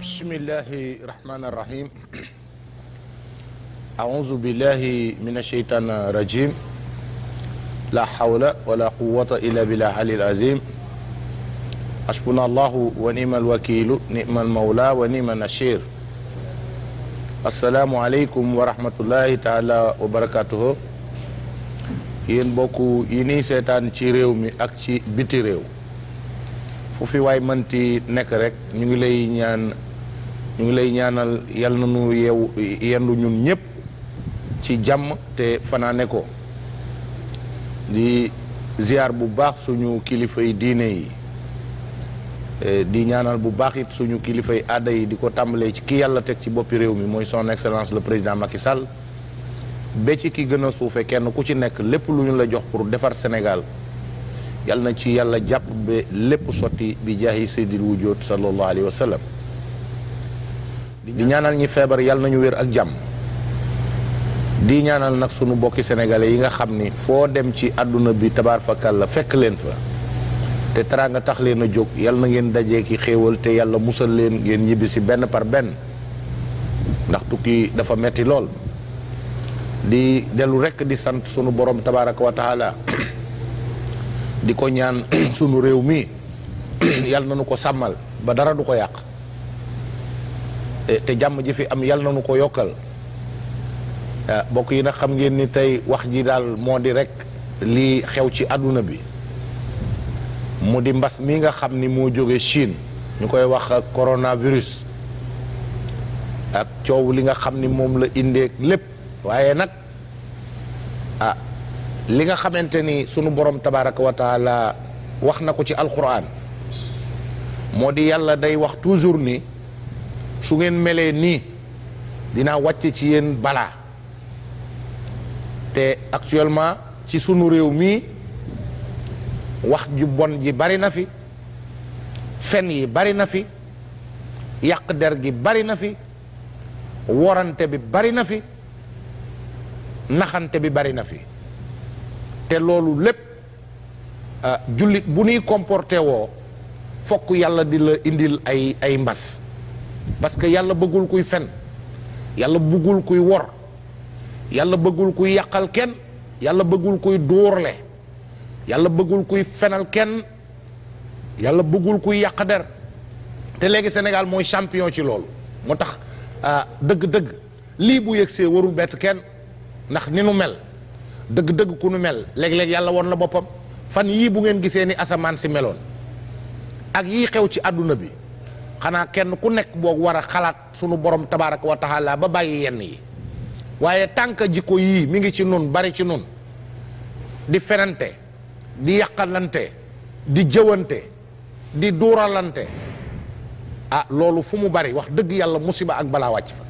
bismillahi rahmaani rahim aouzu billahi min asheytaan rajim la hawla wala quwata illa billah alil azim hasbuna allahu wa nima alwakilu nima almawla wa nima nashir asalaamu aleykum wa rahmatullahi wa barakatuhu yéen mbokk yi ni seetaan ci réew mi ak ci biti réew fu fi waay mënti nekk rek ñu ngi lay ñaan ñu ngi lay ñaanal yal na ñu yeewu yendu ñun ñëpp ci jàmm te fanaane ko di ziar bu baax suñu kilifa yi diine yi e, di ñaanal bu baax it suñu kilifa yi aada yi di ko tàmbalee ci ki yàlla teg ci boppi réew mi mooy son excellence le président Macky Sall ba ci ki gën a suufe kenn ku ci nekk lépp lu ñu la jox pour defar Sénégal yal na ci yàlla jàpp ba lépp sotti bi jaahi seydil wujjoot sallallahu alayhi wa sallam di ñaanal ñi feebar yàlla nañu wér ak jàmm di ñaanal nag sunu bokki sénégalais yi nga xam ni foo dem ci àdduna bi tabaar fakal la fekk leen fa te teraanga tax leen a jóg yàlla na ngeen dajee ki xéewal te yàlla musal leen ngeen ñibbi si benn par benn ndax tukki dafa metti lool di dellu rekk di sant sunu boroom tabaaraka wa di ko ñaan sunu réew mi yàlla na nu ko sàmmal ba dara du ko yàq te jàmm ji fi am yàlla na nu ko yokkal ah, mbokk yi na xam ngeen ni tey wax ji daal moo di rek lii xew ci àdduna bi mu di mbas mi nga xam ni moo jóge Chine ñu koy wax coronavirus ak coow li nga xam ni moom la indeek lépp waaye nag ah li nga xamante ni sunu borom tabaraka wa taala wax na ko ci alquran moo di yàlla day wax toujours nii su ngeen melee nii dinaa wàcce ci yenn balaa te actuellement ci sunu réew mii wax ju bon ji bari na fi fen yi bari na fi yàq der gi bari na fi worante bi bari na fi naxante bi bari na fi te loolu lépp ah, jullit bu nuy comporté woo fokk yàlla di la indil ay ay mbas parce que yàlla bëggul kuy fen yàlla bëggul kuy wor yàlla bëggul kuy yàqal kenn yàlla bëggul kuy duurle yàlla bëggul kuy fenal kenn yàlla bëggul kuy yàq der te léegi Sénégal mooy champion ci loolu moo tax ah, dëgg-dëgg lii bu yëgsee warul bett kenn ndax ni nu mel dëgg-dëgg ku nu mel léeg-léeg yàlla woon la boppam fan yii bu ngeen gisee ni asamaan si meloon ak yii xew ci àdduna bi xanaa kenn ku nekk boog war a xalaat sunu borom tabaaraka wa taala ba bàyyi yenn yi waaye tànk jikko yii mi ngi ci nun bari ci nun di ferante di yàqalante di jëwante di duuralante ah loolu fu mu bari wax dëgg yàlla musiba ak balaa wàcc fa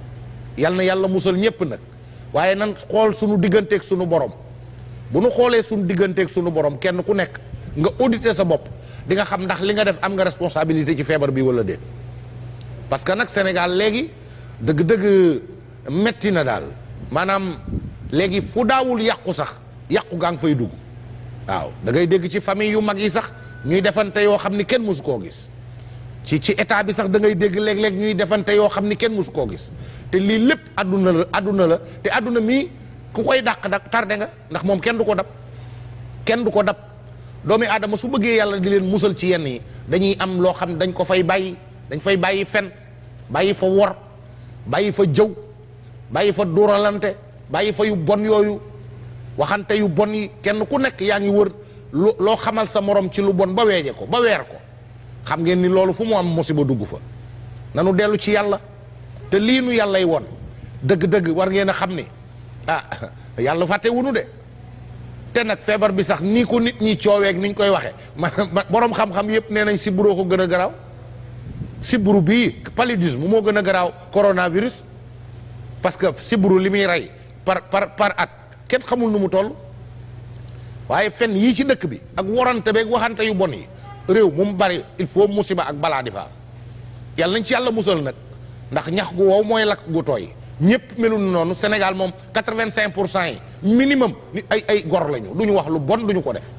yal na yàlla musal ñépp nag waaye nan xool sunu digganteeg sunu borom bu nu xoolee sunu digganteeg sunu borom kenn ku nekk nga auditer sa bopp di nga xam ndax li nga def am nga responsabilité ci feebar bi walla déet parce que nag Sénégal léegi dëgg-dëgg metti na daal maanaam léegi fu daawul yàqu sax yàqu gaa ngi fay dugg waaw da ngay dégg ci famille yu mag yi sax ñuy defante yoo xam ni kenn mosu koo gis ci ci état bi sax da ngay dégg léeg-léeg ñuy defante yoo xam ni kenn mosu koo gis te lii lépp àdduna la àdduna la te àdduna mii ku koy dàq nag tardé nga ndax moom kenn du ko dab kenn du ko dab doomi aadama su bëggee yàlla di leen musal ci yenn yi dañuy am loo xam dañ ko fay bàyyi dañ fay bàyyi fen bàyyi fa wor bàyyi fa jëw bàyyi fa duuralante bàyyi fa yu bon yooyu waxante yu bon yi kenn ku nekk yaa ngi wër loo xamal sa moroom ci lu bon ba weeje ko ba weer ko xam ngeen ni loolu fu mu am mosiba dugg fa nanu dellu ci yàlla te lii nu yàllay woon dëgg-dëgg war ngeen a xam ni ah yàlla fàtte wunu de te nag feebar bi sax nii ko nit ñi cooweeg ni ñu koy waxe ma borom xam-xam yépp nee nañ si buroo ko gën a garaaw sibbiru bii paludisme moo gën a garaaw coronavirus parce que sibbiru li muy rey par par par at kenn xamul nu mu toll waaye fen yii ci dëkk bi ak warante beeg waxante yu bon yi réew mu mu bari il faut musiba ak balaa di fa am yàlla nañ ci yàlla musal nag ndax ñax gu wow mooy lakk gu tooy ñëpp melul noonu Sénégal moom quatre-vingt-cinq pour cent yi minimum ay ay gor lañu du ñu wax lu bon du ñu ko def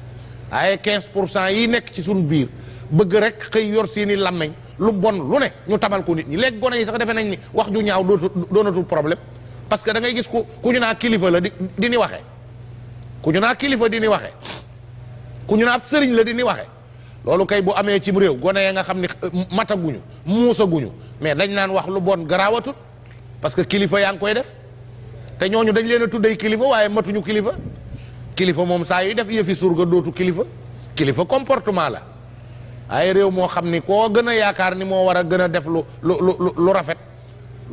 waaye quinze pour cent yi nekk ci suñu biir. bëgg rek xëy yor seeni làmmeñ lu bon lu ne ñu tabal ko nit ñi lekk gone yi sax defe nañ ni wax ju ñaaw doonatul problème parce que da ngay gis ku ku ñu naa kilifa la di di ni waxee ku ñu naa kilifa di waxe ku ñu naa sëriñ la di ni loolu kay bu amee cim réew gone ya nga xam ni eh, mataguñu muusaguñu mais dañ naan wax lu bon garaawatul parce que kilifa yaa ngi koy def te ñooñu dañ leen a tuddee kilifa waaye matuñu kilifa kilifa moom saa yuy def yëfi surga dootu kilifa kilifa comportement la ay réew moo xam ni koo gën a yaakaar ni moo war a gën a def lu lu lu lu rafet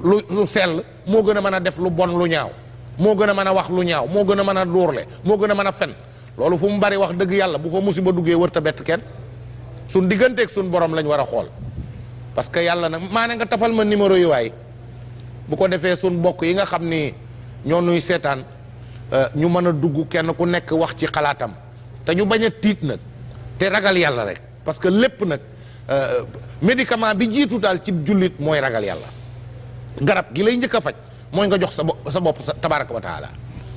lu lu sell moo gën a mën a def lu bon lu ñaaw moo gën a mën a wax lu ñaaw moo gën a mën a dóorle moo gën a mën a fen loolu fu mu bari wax dëgg yàlla bu ko musiba duggee wër ta bett kenn suñ digganteeg suñ borom lañ war a xool parce que yàlla nag maa nga tafal ma numéro yi waay bu ko defee suñ bokk yi nga xam ni ñoo nuy seetaan euh, ñu mën a dugg kenn ku nekk wax ci xalaatam te ñu bañ a tiit nag te ragal yàlla rek parce que lépp nag euh, médicament bi jiitu daal ci jullit mooy ragal yàlla garab gi lay njëkk a faj mooy nga jox sa bopp sa bopp sa tabaraka wa taala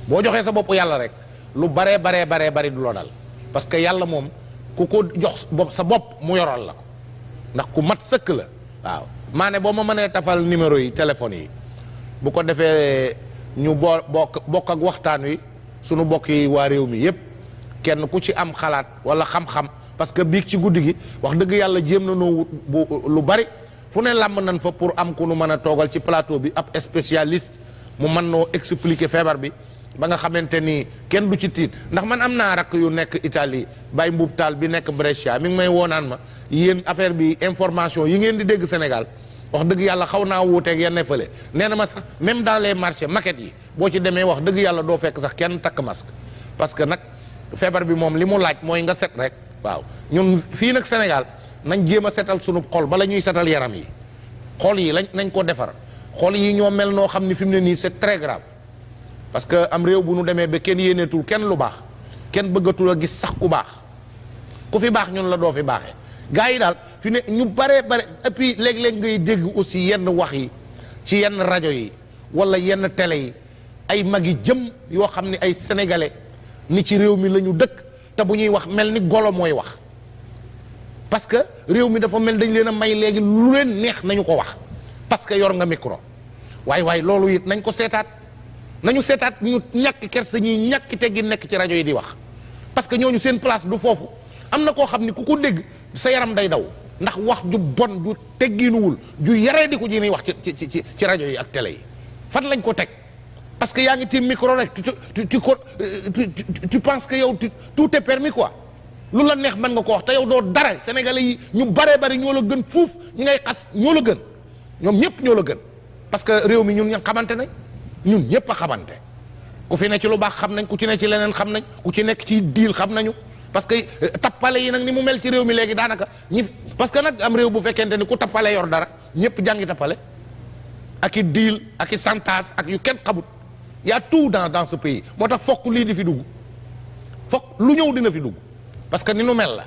boo joxee sa bopp yàlla rek lu baree baree baree bari du loo dal parce que yàlla moom ku ko jox sa bopp mu yoroon la ko ndax ku mat sëkk la waaw maane boo ma mënee tafal numéro yi téléphone yi bu ko defee ñu bo bokk bokk ak waxtaan wi sunu bokk yi waa réew mi yépp kenn ku ci am xalaat walla xam-xam parce que biig ci guddi gi wax dëgg yàlla jéem na noo wut lu bari fu ne làmb nan fa pour am ku nu mën a toogal ci plateau bi ab spécialiste mu mën noo expliquer feebar bi ba nga xamante ni kenn du ci tiit ndax man am naa rakk yu nekk Italie bay Mbuub Taal bi nekk Brescia mi ngi may woonaan ma yéen affaire bi information yi ngeen di dégg Sénégal wax dëgg yàlla xaw naa wuuteeg yenn fële nee na ma sax même dans les marchés maquettes yi boo ci demee wax dëgg yàlla doo fekk sax kenn takk masque parce que nag feebar bi moom li mu laaj mooy nga set rek waaw ñun fii nag Sénégal nañ jéem a setal sunu xol bala ñuy setal yaram yi xol yi lañ nañ ko defar xol yi ñoo mel noo xam ni fi mu ne nii set très grave parce que am réew bu nu demee ba kenn yéeneetul kenn lu baax kenn bëggatul a gis sax ku baax ku fi baax ñun la doo fi baaxee gars yi daal fi ne ñu baree bare et puis léeg-léeg ngay dégg aussi yenn wax yi ci yenn rajo yi wala yenn télé yi ay magi jëm yoo xam ni ay sénégalais ni ci réew mi la ñu dëkk te bu ñuy wax mel ni golo mooy wax parce que réew mi dafa mel dañ leen a may léegi lu leen neex nañu ko wax parce que yor nga mikoro waaye waaye loolu it nañ ko seetaat nañu seetaat ñu ñàkk kersa ñuy ñàkk teggi nekk ci rajo yi di wax parce que ñooñu seen place du foofu am na koo xam ni ku ko dégg sa yaram day daw ndax wax ju bon ju tegginuwul ju yaree di ko ji ñuy wax ci ci ci ci rajo yi ak tele yi fan lañ ko teg. parce que yaa ngi tiim micro rek tu tu tu tu penses que yow tout est permis quoi lu la neex mën nga ko wax te yow doo dara sénégalais yi ñu baree bari ñoo la gën fuuf ñi ngay xas ñoo la gën ñoom ñëpp ñoo la gën parce que réew mi ñun ña xamante nañ ñun ñëpp a xamante ku fi ne ci lu baax xam nañ ku ci ne ci leneen xam nañ ku ci nekk ci diil xam nañu parce que euh, tappale yi nag ni mu mel ci réew mi léegi daanaka ñi parce que nag am réew bu fekkente ni ku tappale yor dara ñëpp jàngi tappale ak i diil ak i santaas ak yu kenn xamut y a tout dans dans ce pays moo tax fokk lii di fi dugg fokk lu ñëw dina fi dugg parce que ni nu mel la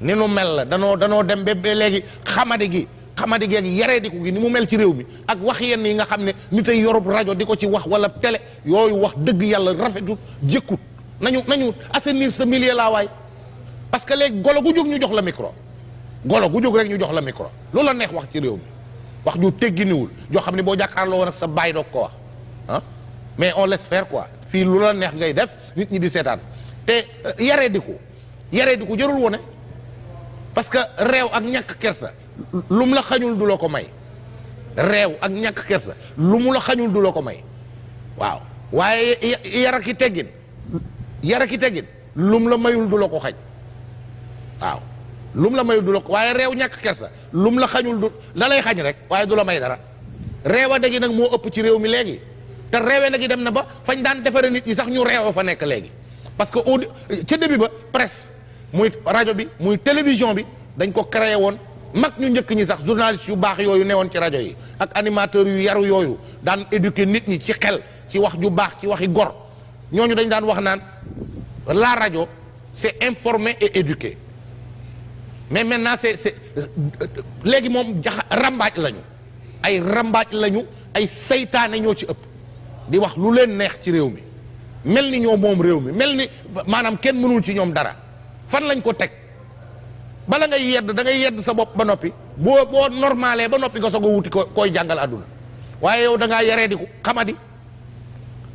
ni nu mel la danoo danoo dem ba léegi xamadi gi xamadi geeg yaree di ko gi ni mu mel ci réew mi ak wax yenn yi nga xam ne nit ay yorub rajo di ko ci wax wala télé yooyu wax dëgg yàlla rafetul jëkkut nañu nañu assainir sa millier laa waay parce que léegi golo gu jóg ñu jox la micro golo gu jóg rek ñu jox la micro loolu la neex wax ci réew mi wax ñu tegginiwul joo xam ne boo jàkkaarloo woon ak sa baay doog ko wax ah. mais on laisse faire quoi fii lu la neex ngay def nit ñi di seetaan te euh, yaree di ko yaree di ko jarul wone parce que réew ak ñàkk kersa lu la xañul du la ko may réew ak ñàkk kersa lu mu la xañul du la ko may waaw waaye yara ki teggin yara ki teggin lu la mayul du la ko xañ waaw lu la mayul du la ko waaye réew ñàkk kersa lu mu la xañul du la lay xañ rek waaye du la may dara réew a degi nag moo ëpp ci réew mi léegi te réewe na gi dem na ba fañ daan defaree nit ñi sax ñu réewoo fa nekk léegi parce que au ca début ba presse muy rajo bi muy télévision bi dañ ko créé woon mag ñu njëkk ñi sax journaliste yu baax yooyu nee woon ci rajo yi ak animateur yu yaru yooyu daan éduquer nit ñi ci xel ci wax ju baax ci waxi gor ñooñu dañ daan wax naan la rajo c'est informer et éduquer mais maintenant c'est c'est léegi moom jaxa rambaaj lañu ay rambaaj lañu ay seytaane ñoo ci ëpp di wax lu leen neex ci réew mi mel ni ñoo moom réew mi mel ni maanaam kenn mënul ci ñoom dara fan lañ ko teg bala ngay yedd da ngay yedd sa bopp ba noppi boo boo normalee ba noppi nga soog a wuti ko koy jàngal àdduna waaye yow dangaa ngaa yaree di ko xamadi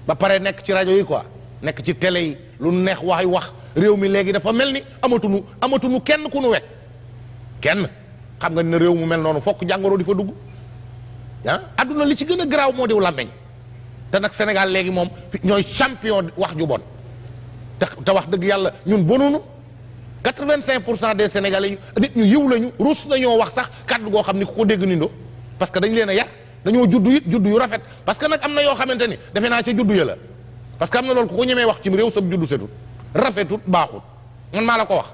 ba pare nekk ci rajo yi quoi nekk ci télé yi lu neex waay wax réew mi léegi dafa mel ni amatunu amatunu kenn ku nu wekk kenn xam nga ne réew mu mel noonu fokk jàngoro di fa dugg ah àdduna li ci gën a garaaw moo diw làmmeñ te nag Sénégal léegi moom ñooy champion wax ju bon tax te wax dëgg yàlla ñun bonunu 85 pour cent des sénégalais nit ñu yiw lañu ruus nañoo wax sax kàddu goo xam ni ku ko dégg nindo parce que dañ leen a yar dañoo juddu it juddu yu rafet parce que nag am na yoo xamante ni defe naa ca juddu ya la que am na loolu ku ko ñemee wax ci réew sab juddu setut rafetut baaxut man maa la ko wax.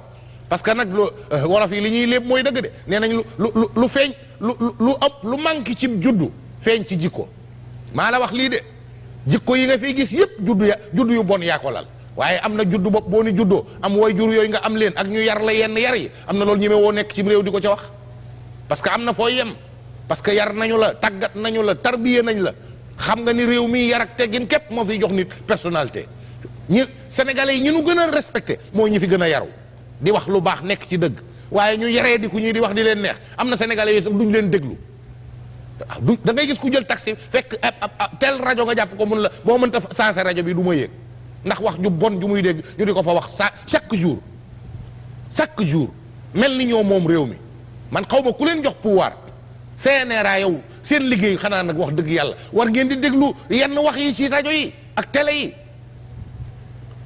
parce que nag loo euh, wolof yi li ñuy lépp mooy dëgg de nee nañ lu lu lu feeñ lu lu ëpp lu manqué ci juddu feeñ ci jikko maa jikko yi nga fiy gis yëpp juddu ya juddu yu bon yaa ko lal waaye am na juddu bopp boo ni juddoo am way jur yooyu nga am leen ak ñu yar la yenn yar yi am na loolu ñeme woo nekk ci réew di ko ca wax parce que am na foo yem parce que yar nañu la tàggat nañu la tarbiye nañ la xam nga ni réew mii yar ak teggin képp moo fiy jox nit personalité ñi sénégalais yi ñu nu gën a respecté mooy ñi fi gën a yaru di wax lu baax nekk ci dëgg waaye ñu yaree di ku ñuy di wax di leen neex am na sénégalais yi sax duñ leen déglu Ah, du da ngay gis ku jël taxi fekk tel rajo nga jàpp ko mun la boo mënta sensé rajo bi du ma yéeg ndax wax ju bon ju muy dégg ñu di ko fa wax sa chaque jour chaque jour mel ni ñoo moom réew mi man xaw ma ku leen jox pouvoir CNRA yow seen liggéey xanaa nag wax dëgg yàlla war ngeen di déglu yenn wax yi ci rajo yi ak télé yi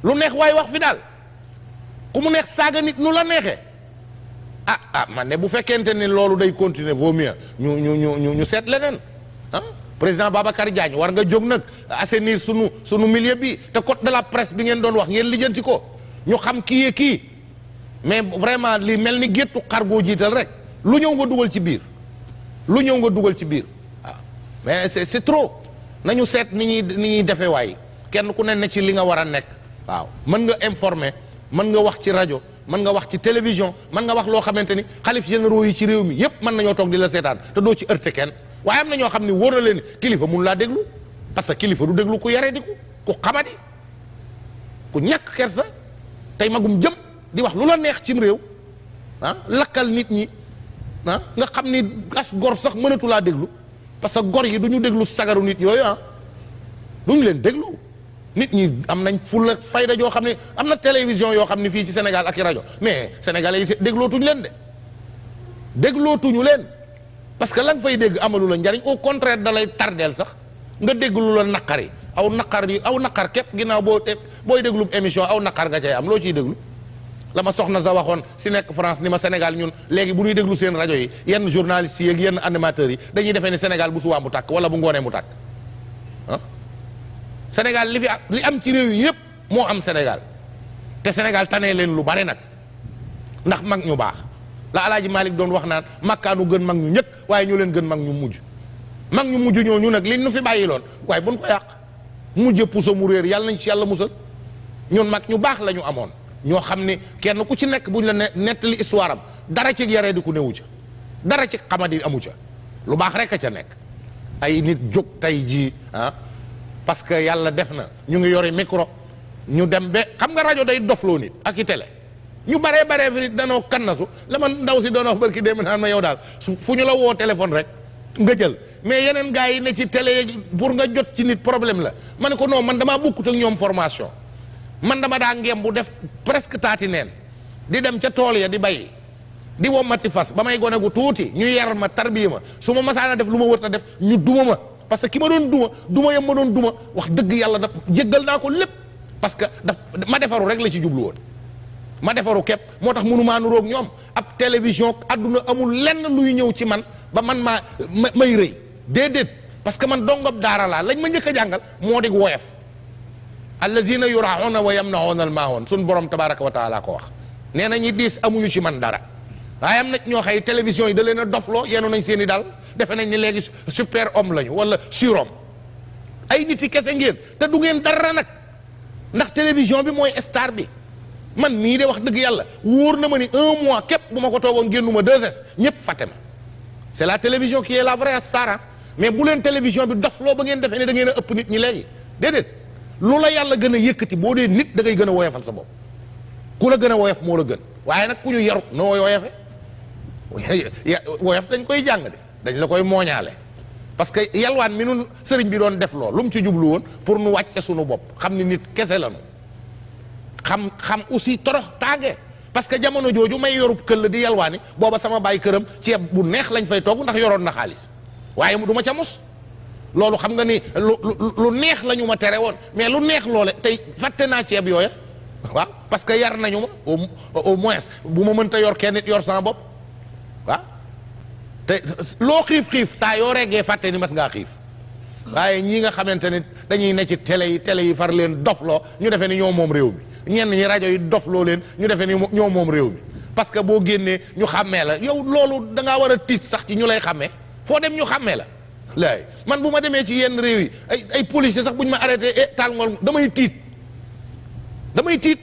lu neex waaye wax fi daal ku mu neex saaga nit nu la neexee ah ah man ne bu fekkente ni loolu day continuer vaut mieux ñu ñu ñu ñu seet leneen ah président Babacar Diagne war nga jóg nag assainir sunu sunu milieu bi te code de la presse bi ngeen doon wax ngeen lijjanti ko ñu xam kii yee kii mais vraiment li mel ni géttu xargoo jiital rek lu ñëw nga dugal ci biir lu ñëw nga dugal ci biir waaw ah, mais c'est c'est na ñu seet ni ñuy ni ñuy defee waay kenn ku ne ne ci li nga war a nekk waaw mën nga informer mën nga wax ci rajo mën nga wax ci télévision man nga wax loo xamante ni xalif généraux yi ci réew mi yépp mën nañoo toog di la seetaan te doo ci heurté kenn waaye am na ñoo xam ne wóor na leen kilifa mun laa déglu parce que kilifa du déglu ku yaree di ko ku xamadi ku ñàkk kersa tey magum jëm di wax lu la neex cim réew ah lakkal nit ñi ah nga xam ni as gor sax mënatulaa déglu parce que gor yi du ñu déglu sagaru nit yooyu ah du ñu leen déglu nit ñi am nañ fulla fayda joo xam ne am na télévision yoo xam ne fii ci Sénégal ak i rajo mais sénégalais yi déglootuñu leen de déglootuñu leen parce que la nga fay dégg amalu la njariñ au contraire da lay tardeel sax nga dégg lu la aw naqar yi aw naqar képp ginnaaw boo te booy déglu émission aw naqar nga cay am loo ciy déglu la ma soxna sa waxoon si nekk France ni ma Sénégal ñun léegi bu ñuy déglu seen rajo yi yenn journalistes yi yenn animateurs yi dañuy defee ne Sénégal bu subaa mu tàkk wala bu ngoonee mu tàkk Sénégal li fi li am ci réew yi yëpp moo am Sénégal te Sénégal tanee leen lu bari nag ndax mag ñu baax la alaaji Malick doon wax naan makkaanu gën mag ñu njëkk waaye ñu leen gën mag ñu mujj mag ñu mujj ñu nag liñ nu fi bàyyi loon waaye buñ ko yàq mujj puso mu réer yàlla nañ ci yàlla musal ñun mag ñu baax lañu amoon ñoo xam ne kenn ku ci nekk buñ la nettali histoire am dara ci yaree di ku newu ca dara ci xamadi amu ca lu baax rek a ca nekk ay nit jóg tey jii ah parce que yàlla def na ñu ngi yore micro ñu dem be xam nga rajo day dofloo nit ak i télé ñu baree baree fi danoo kannasu la man ndaw si doon wax barki démb naan ma yow daal su fu ñu la woo téléphone rek nga jël mais yeneen gars yi ne ci télé pour nga jot ci nit problème la ma ne ko non man damaa bokkut ak ñoom formation man dama daa ngem bu def presque taati neen di dem ca tool ya di bay di ma wommati fas ba may gone gu tuuti ñu yar ma tarbiya ma su ma masaana def lu ma wër ta def ñu duma ma parce que ki ma doon duma duma yam ma doon duma wax dëgg yàlla daf jéggal naa ko lépp parce que daf ma defaru rek la ci jublu woon ma defaru kepp moo tax mënu maa nuroog ñoom ab télévision àdduna amul lenn luy ñëw ci man ba man maa may rëy déedéet parce que man dongob daara laa lañ ma njëkk a jàngal moo di woyof allazina yurauna wa yamnauna al maaoon sun borom tabaraka wa taala ko wax nee na ñi diis amuñu ci man dara waaye am na ñoo xëy télévision yi da leen a dofloo yenu nañ seen i dal defe nañ ne léegi super homme lañu wala surhomme ay nit yi kese ngeen te du ngeen dara nag ndax télévision bi mooy star bi man nii de wax dëgg yàlla wóor na ma ni un mois képp bu ma ko toogoon génnuma 2S fàtte ma c' est la télévision qui est la vraie star mais bu leen télévision bi dof loo ba ngeen defee ne da ngeen a ëpp nit ñi léegi déedéet lu la yàlla gën a yëkkati boo dee nit da ngay gën a woyofal sa bopp ku la gën a woyof moo la gën waaye nag ku ñu yaru noo woyofe dañ koy jàng dañ la koy mooñaale parce que yalwaan mi nun sëriñ bi doon def loo lu mu ci jublu woon pour nu wàcce suñu bopp xam ni nit kese la nu xam xam aussi torox tànge parce que jamono jooju may yorub këll di yalwaani booba sama baay këram ceeb bu neex lañ fay togg ndax yoroon na xaalis waaye du ma ca mos loolu xam nga ni lu lu neex la ñu ma tere woon mais lu neex loole tey fàtte naa ceeb yooya waaw parce que yar nañu ma au moins bu ma mënta yor kenn nit yor sama bopp te loo xiif xiif saa yoo reggee fàtte ni mas ngaa xiif waaye ñii nga xamante ni dañuy ne ci télé yi tele yi far leen dofloo ñu defee ni ñoo moom réew mi ñenn ñi rajo yi dofloo leen ñu defee ni ñoo moom réew mi parce que boo génnee ñu xàmmee la yow loolu dangaa war a tiit sax ci ñu lay xàmmee foo dem ñu xàmmee la laay man bu ma demee ci yenn réew yi ay ay policier sax bu ñu ma arrêté e taal ngool damay tiit damay tiit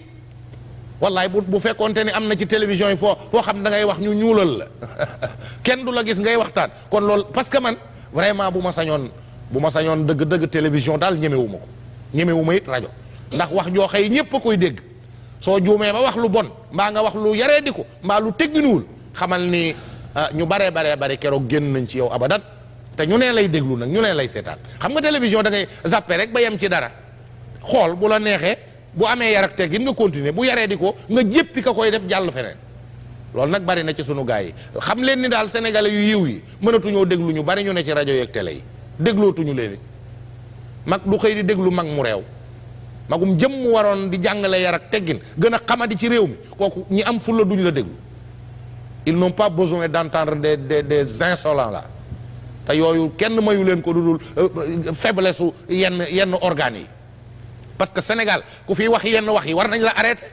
wallaay bu bu fekkoonte ni am na ci télévision yi foo foo xam da ngay wax ñu ñuulal la kenn du la gis ngay waxtaan kon loolu parce que man vraiment bu ma sañoon bu ma sañoon dëgg-dëgg télévision daal ñemewu ko ñemewu ma rajo ndax wax joo xëy ñépp a koy dégg soo juumee ba wax lu bon mbaa nga wax lu yaree di ko mbaa lu tegginuwul xamal ni ah, ñu baree baree bare keroog génn nañ ci yow abadan te ñu nee lay déglu nag ñu nee lay seetaan xam nga télévision da ngay zappé rek ba yem ci dara xool bu la neexee bu amee yarak teggin nga continuer bu yaree di ko nga jéppi ka koy def jàll feneen loolu nag bari na ci sunu gars yi xam leen ni daal sénégalais yu yiw yi mënatuñoo déglu ñu bari ñu ne ci rajo yeeg télé yi déglootuñu leen mag du xëy di déglu mag mu réew magum jëm mu waroon di jàngale yarak teggin gën a xamadi ci réew mi kooku ñi am fulla duñu la déglu ils n'ont pas besoin d'entendre de des des insolents la te yooyu kenn mayu leen ko dudul euh, euh, faiblesse yenn yenn organes parce que Sénégal ku fi wax yenn wax yi war nañ la arrêté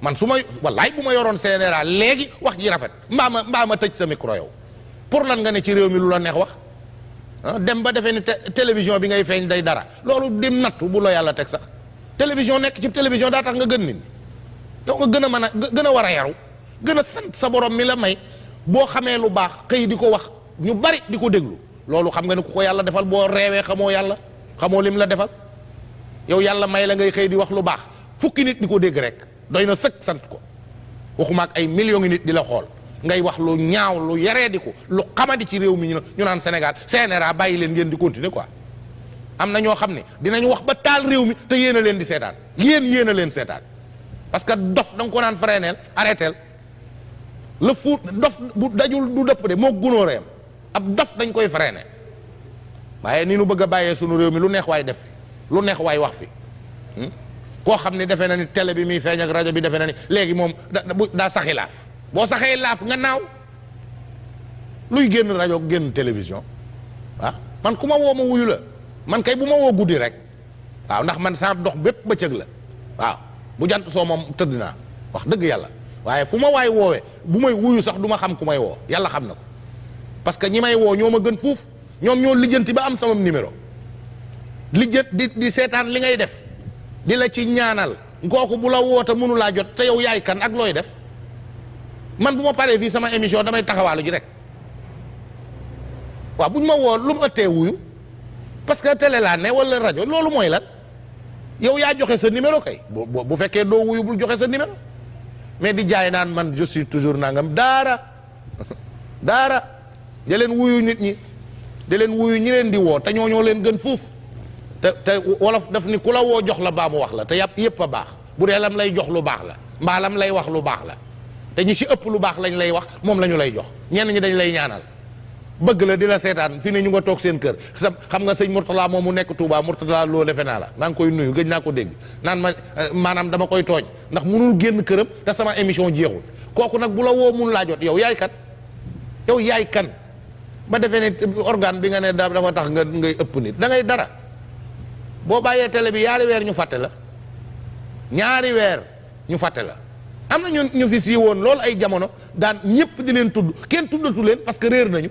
man su ma wallaay bu ma yoroon CNRA léegi wax ji rafet mbaa ma mbaa ma tëj sa micro yow pour lan nga ne ci réew mi lu la neex wax ah, dem ba defee ni télévision bi ngay feeñ day dara loolu dim nattu bu la yàlla teg sax télévision nekk ci télévision daa tax nga gën nit ñi yow nga gën a mën a gën a war a yaru gën a sant sa borom mi la may boo xamee lu baax xëy di ko wax ñu bari di ko déglu loolu xam nga ne ku ko yàlla defal boo reewee xamoo yàlla xamoo lim la defal yow yàlla may la ngay xëy di wax lu baax fukki nit di ko dégg rek doy na sëkk sant ko waxumaak ak ay millions nit di la xool ngay wax lu ñaaw lu yaree di ko lu xamadi ci réew mi ñu ñu naan senegal CNRA bàyyi leen ngeen di continuer ko am na ñoo xam ne dinañ wax ba taal réew mi te yéen a leen di seetaan yéen yéen a leen seetaan parce que dof dañ ko naan freineel arrêteel le fuut dof bu dajul du dëpp de moo gunóor gunóoreem ab dof dañ koy freiner waaye nii nu bëg a bàyyee sunu réew mi lu neex waay def lu neex waay wax fi hmm? koo xam ne defe na ni tele bi muy feeñ ak rajo bi defe na ni léegi moom daa saxi laaf boo saxee laaf nga naaw luy génn rajo génn télévision ah man ku ma woo ma wuyu la man kay bu ma woo guddi rek waaw ndax man saa dox bépp ba bëccëg la waaw bu jant soo moom tëdd naa wax dëgg yàlla waaye fu ma waay woowee bu may wuyu sax du ma xam ku may woo yàlla xam na ko parce que ñi may woo ñoo ma gën fuuf ñoom ñoo lijjanti ba am sama numéro li jot di di seetaan li ngay def di la ci ñaanal kooku bu la woote mënulaa jot te yow yaay kan ak looy def man bu ma paree fii sama émission damay taxawaalu ji rek waaw bu ma woo lu mu ëttee wuyu parce que télé laa ne wala rajo loolu mooy lan yow yaa joxe sa numéro kay bu bu fekkee doo wuyu bul joxe sa numéro mais di jaay naan man je suis toujours nangam daara daara da leen wuyu nit ñi da leen wuyu ñi leen di woo te ñoo ñoo leen gën fuuf. te te wolof daf ni ku la woo jox la baa mu wax la te yàpp yëpp a baax bu dee lam lay jox lu baax la mbaa lay wax lu baax la te ñu si ëpp lu baax lañ lay wax moom la ñu lay jox ñenn ñi dañ lay ñaanal bëgg la dina seetaan fi ne ñu nga toog seen kër sa xam nga sëñ Mourtala moom mu nekk Touba Mourtala loo defe naa la maa ngi koy nuyu gëj naa ko dégg naan ma eh, maanaam dama koy tooñ ndax munul génn këram te sama émission jeexul kooku nag bu la woo mun laa jot yow yaay yow yaay kan ba defee ne organe bi nga ne dafa tax nga ngay ëpp nit da dara boo bàyyee télé bi yaari weer ñu fàtte la ñaari weer ñu fàtte la am na ñu ñu fi sii woon loolu ay jamono daan ñëpp di leen tudd kenn tuddatu leen parce que réer nañu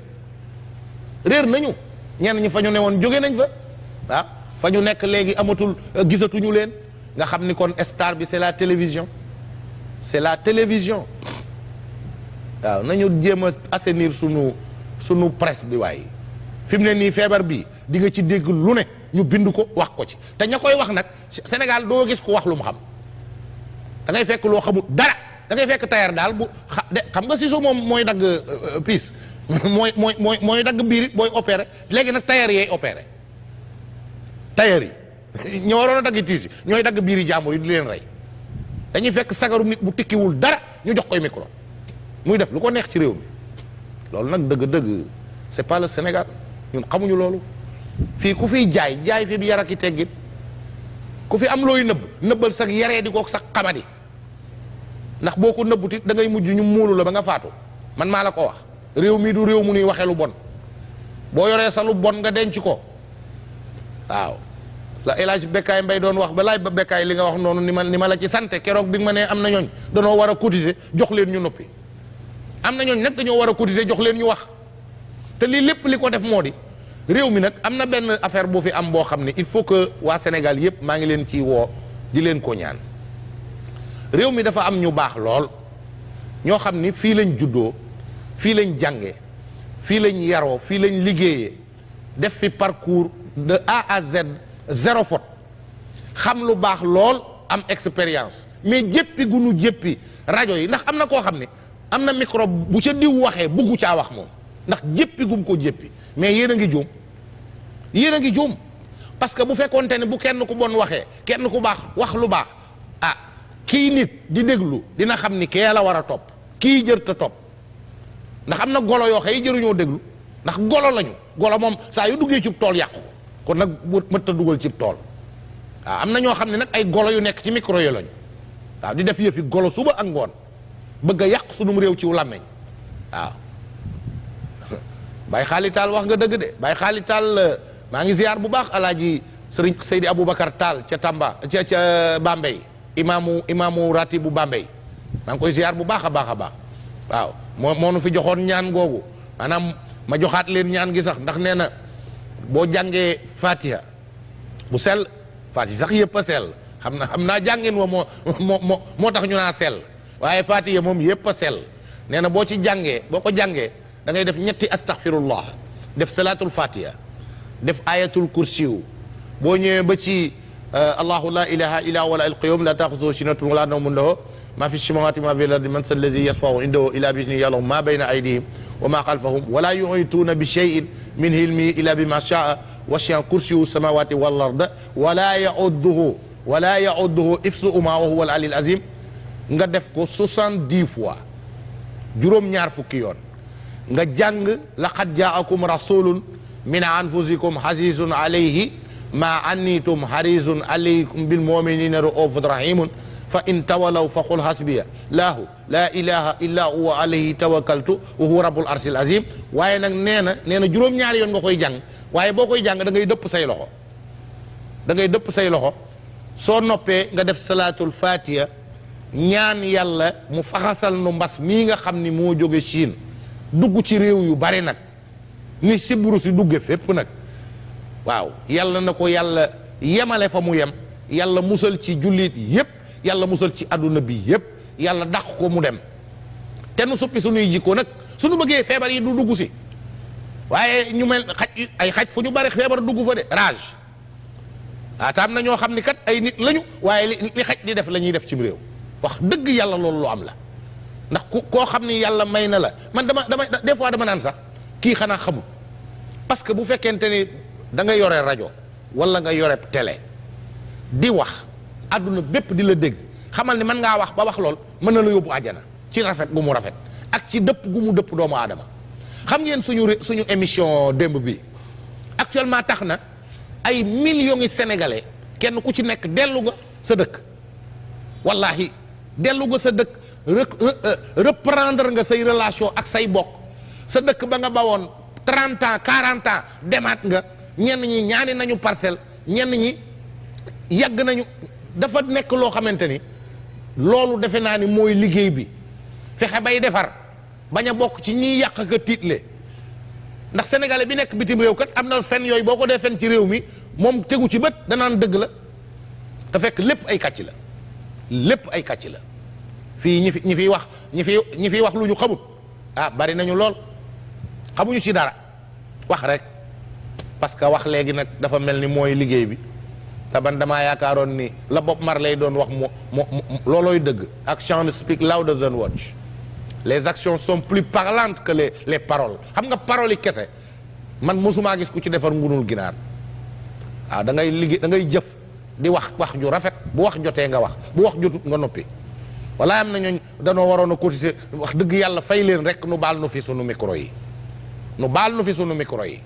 réer nañu ñenn ñi fa ñu ne woon jóge nañ fa waaw ah, fa ñu nekk léegi amatul euh, gisatuñu leen nga xam ni kon star bi c'est la télévision c'est la télévision waaw nañu jéem a assainir sunu sunu presse bi waaye fi mu ne nii feebar bi di nga ci dégg lu ne ñu bind ko wax ko ci te ña koy wax nag Sénégal doo gis ko wax lu mu xam da fekk loo xamul dara da ngay fekk tailleur daal bu xam nga ciseau moom mooy dagg euh, euh, piis mooy mooy mooy mooy dagg biir booy opéré léegi nag tailleur yay opeere tailleur yi ñoo waroon a dagg tiis yi ñooy dagg biiri jàmbur yi di leen rey dañuy fekk sagaru nit bu tikkiwul dara ñu jox koy micro muy def lu ko neex ci réew mi loolu nag dëgg-dëgg c'est pas le Sénégal ñun xamuñu loolu fii ku fiy jaay jaay fi bi yarak ak i ku fi am looy nëbb nëbbal sax yaree di kook sax xamadi ndax boo ko nëbbutit da ngay mujj ñu muulu la ba nga faatu man maa la ko wax réew mii du réew mu nuy waxee lu bon boo yoree sa lu bon nga denc ko waaw la El Hadj Bekkaay Mbay doon wax ba laaj ba Bekkaay li nga wax noonu ni ma ni ma la ci sante keroog bi nga ma nee am na ñooñ danoo war a cotiser jox leen ñu noppi am na ñooñ nag dañoo war a cotiser jox leen ñu wax te lii lépp li ko def moo di réew mi nag am na benn affaire bu fi am boo xam ne il faut que waa Sénégal yépp maa ngi leen ciy woo di leen ko ñaan réew mi dafa am ñu baax lool ñoo xam ni fii lañ juddoo fii lañ jànge fii lañ yaroo fii lañ liggéeyee def fi parcours de A à zéro faute xam lu baax lool am expérience mais jéppi gu nu jéppi rajo yi ndax am na koo xam ne am na microbe bu ca diw waxee buggu caa wax moom ndax jéppi gum ko jéppi mais yéen a ngi juum yéen a ngi juum parce que bu fekkoonte ne bu kenn ku bon waxee kenn ku baax wax lu baax ah kii nit di déglu dina xam ni kee la war a topp kii jër ta topp ndax am na golo yoo xëy jëruñoo déglu ndax golo lañu golo moom saa yu duggee cib tool yàqu kon nag mëtta dugal cib tool waaw ah, am na ñoo xam ne nag ay golo yu nekk ci micro yi lañu waaw ah, di def yëfi golo suba ak ngoon bëgg a yàq sunum réew ci làmmeñ waaw ah. Baye Xaali wax nga dëgg de Baye Xaali eh, maa ngi ziar bu baax alaaji sëriñ Seydi Aboubacar Taal ca Tamba ca ca Bambey imaamu imaamu rati bu Bambey maa ngi koy ziar bu baax a baax a baax waaw moo moo nu fi joxoon ñaan googu maanaam ma joxaat leen ñaan gi sax ndax nee na boo jàngee Fatiha bu sell Fatiha sax yëpp a sell xam na xam naa jàngin wa moo moo tax ñu naa sel waaye Fatiha moom yëpp a sell nee na boo ci jàngee boo ko jàngee. da ngay def ñetti astaghfirullah def salaatul fatiha def ayatul kursiyu boo ñëwee ba ci euh, allahu la ilaha illa wala alqiyum la taxuso sinatun wala nawmun lahu ma fi samawati ma fi lardi man sallazi yasfahu indahu ila bisni yàllahu ma bayna aydihim wa ma xalfahum wala yuhituuna bi cheyin min hilmi ila bi ma shaa wasian kursiyu samawati wal arda wala yaudduhu wala yaudduhu ifsuuma wa huwa al ali al azim nga def ko soixante-dix fois juróom-ñaar fukki yoon nga jàng laqad jaakum rasulun min anfusikum xasisun alayhi ma annitum harisun alaykum bil muminina raufun rahimun fa in tawalaw fa qul hasbiya laahu laa ilaha illa huwa alayhi tawakkaltu wa huwa rabbul arsil azim waaye nag nee na nee na juróom-ñaari yoon nga koy jàng waaye boo koy jàng da ngay dëpp say loxo da dëpp say loxo soo noppee nga def salaatul fatiha ñaan yàlla mu faxasal nu mbas mii nga xam ni moo jóge Chine dugg ci réew yu bari nag ni sibbiru si dugge fépp nag waaw yàlla na ko yàlla yemale fa mu yem yàlla musal ci jullit yépp yàlla musal ci àdduna bi yépp yàlla dàq ko mu dem te nu suppi suñuy jikko nag suñu bëggee feebar yi du dugg si waaye ñu mel xaj ay xaj fu ñu bari feebar dugg fa de rage ah tam na ñoo xam ni kat ay nit lañu waaye li xaj di def lañuy def ci réew wax dëgg yàlla loolu lu am la ndax ku koo xam ni yàlla may na la man dama dama des fois dama naan sax kii xanaa xamul parce que bu fekkente ni da nga yore rajo wala nga yore télé di wax àdduna bépp di la dégg xamal ni mën ngaa wax ba wax lool mën na la yóbbu àjjana ci rafet gu mu rafet ak ci dëpp gu mu doomu aadama xam ngeen suñu suñu émission démb bi actuellement tax na ay millions yi sénégalais kenn ku ci nekk dellu nga sa dëkk wallaahi dellu nga sa dëkk Euh, reprendre nga say relation ak say bokk sa dëkk ba nga bawoon 30 ans demaat nga ñenn ñi ñaani nañu parcelle ñenn ñi yàgg nañu dafa nekk loo xamante ni loolu defe naa ni mooy liggéey bi fexe bay defar bañ a bokk ci ñiy yàq ka tiitle ndax sénégalais bi nekk bitim réew kat am na fen yooyu boo ko dee fen ci réew mi moom tegu ci bët danaan dëgg la te fekk lépp ay kàcc la lépp ay kàcc la fii ñi fi ñi fiy wax ñi fi ñi fiy wax lu ñu xamut ah bari nañu lool xamuñu ci dara wax rek parce que wax léegi nag dafa mel ni mooy liggéey bi te man damaa yaakaaroon ni la Bob Marley doon wax moo moo loolooy dëgg actions speak louder than words les actions sont plus parlantes que les les paroles xam nga paroles yi kese man mosumaa gis ku ci defar ngunul ginaar waaw ah, da ngay liggéey da ngay jëf di wax wax ju rafet bu wax jotee nga wax bu wax jotut nga noppi wala am na ñooñ danoo waroon a cotiser wax dëgg yàlla fay leen rek nu baal nu fi sunu micro yi nu baal nu fi sunu micro yi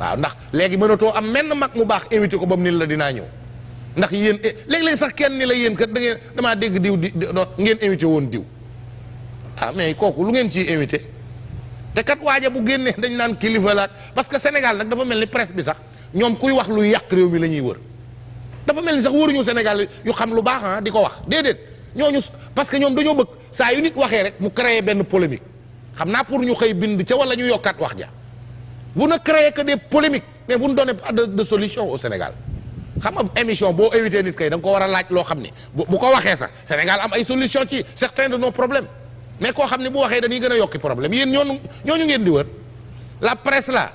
waaw ndax léegi mënatoo am menn mag mu baax invité ko ba mu ni la dinaa ñëw ndax yéen eh, léeg-léeg sax kenn ni la yéen kat da ngeen damaa dégg diw di ngeen invité woon diw ah mais kooku lu ngeen ci invité te kat waaja bu génnee dañ naan kilifa laak parce que Sénégal nag dafa mel ni presse bi sax ñoom kuy wax luy yàq réew mi la ñuy wër dafa mel ni sax wëruñu Sénégal yu xam lu baax ah di ko wax déedéet ñooñu parce que ñoom dañoo bëgg saa yu nit waxee rek mu créer benn polémique xam naa pour ñu xëy bind ca wala ñu yokkaat wax ja wu na créez que des polémiques mais vous ne donnez pas de, solution au Sénégal xam nga émission boo éviter nit kay da nga ko war a laaj loo xam ne bu ko waxee sax Sénégal am ay solution ci certains de nos problèmes mais koo xam ne bu waxee dañuy gën a yokki problème yéen ñooñu ñooñu ngeen di wër la presse la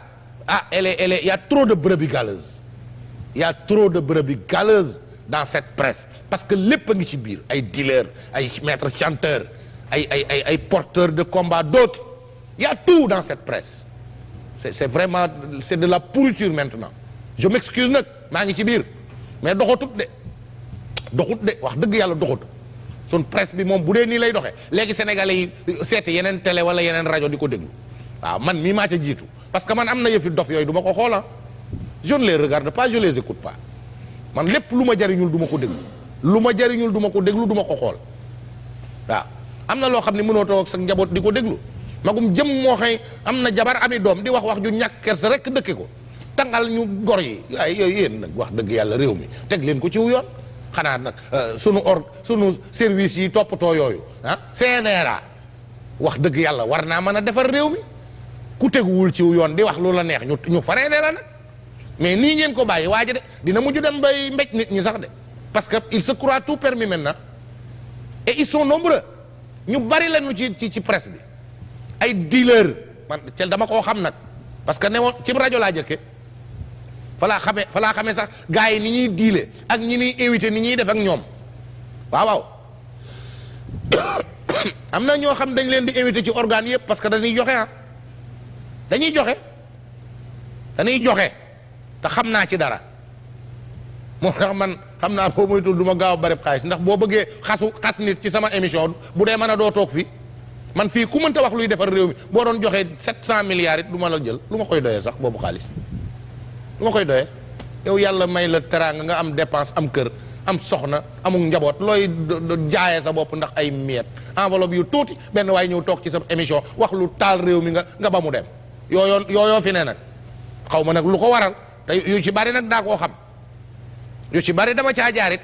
ah elle est elle est trop de brebis galeuses y a trop de brebis galeuses dans cette presse parce que lépp a ngi ci biir ay dealers ay maîtres chanteurs ay ay ay ay porteurs de combat d'autres il y a tout dans cette presse c'est vraiment c'est de la pour pourriture maintenant je m'excuse nag maa ngi ci biir mais doxatut de doxut de wax dëgg yàlla doxatut sun presse bi moom bu dee nii lay doxee léegi sénégalais yi euh, seeti yeneen télé wala yeneen rajo di ko déglu waaw man mii maa ca jiitu parce que man am na yëfi dof yooyu du ma ko xoola ah. je ne les les écoute pas man lépp lu ma jariñul du ma ko déglu lu ma jariñul duma ko déglu duma ko xool waaw am na loo xam ne mënoo toog sa njaboot di ko déglu magum jëm moo xëy am na jabar ami doom di wax wax ju ñàkk kersa rek dëkke ko tangal ñu gor yi ay yooyu yéen nag wax dëgg yàlla réew mi teg leen ko ci yoon xanaa nag euh, sunu or sunu service yi toppatoo yooyu ah wax dëgg yàlla war naa mën a defar réew mi ku teguwul ci wu yoon di wax lu la neex ñu ñu faree ne la nag mais nii ngeen ko bàyyi waaja de dina mujj dem bay mbéj nit ñi sax de parce que il se croit tout permis maintenant et ils sont nombreux ñu bari lañu ci ci bi ay dealer man dama koo xam nag parce que ne woon ci rajo laa jëkke fa laa xamee fa laa xamee sax gars yi ni ñuy diile ak ñi ñuy invité ni ñuy def ak ñoom waaw waaw am na ñoo xam dañ leen di invité ci organes yëpp parce que dañuy joxe ah dañuy joxe dañuy joxe te xam naa ci dara moo tax man xam naa boo moytul du ma gaaw a bari xaalis ndax boo bëggee xasu xas nit ci sama émission bu dee man a doo toog fi man fii ku mënta wax luy defar réew mi boo doon joxee sept cent milliards it du ma jël lu ma koy doyee sax boobu xaalis lu ma koy doyee yow yàlla may la teraanga nga am dépense am kër am soxna amul njaboot looy jaayee sa bopp ndax ay miet enveloppe yu tuuti benn waaye ñëw toog ci sa émission wax lu taal réew mi nga nga ba mu dem yooyoo yooyoo fi ne nag xaw ma nag lu te yu ci bari nag daa koo xam yu ci bari dama caa jaarit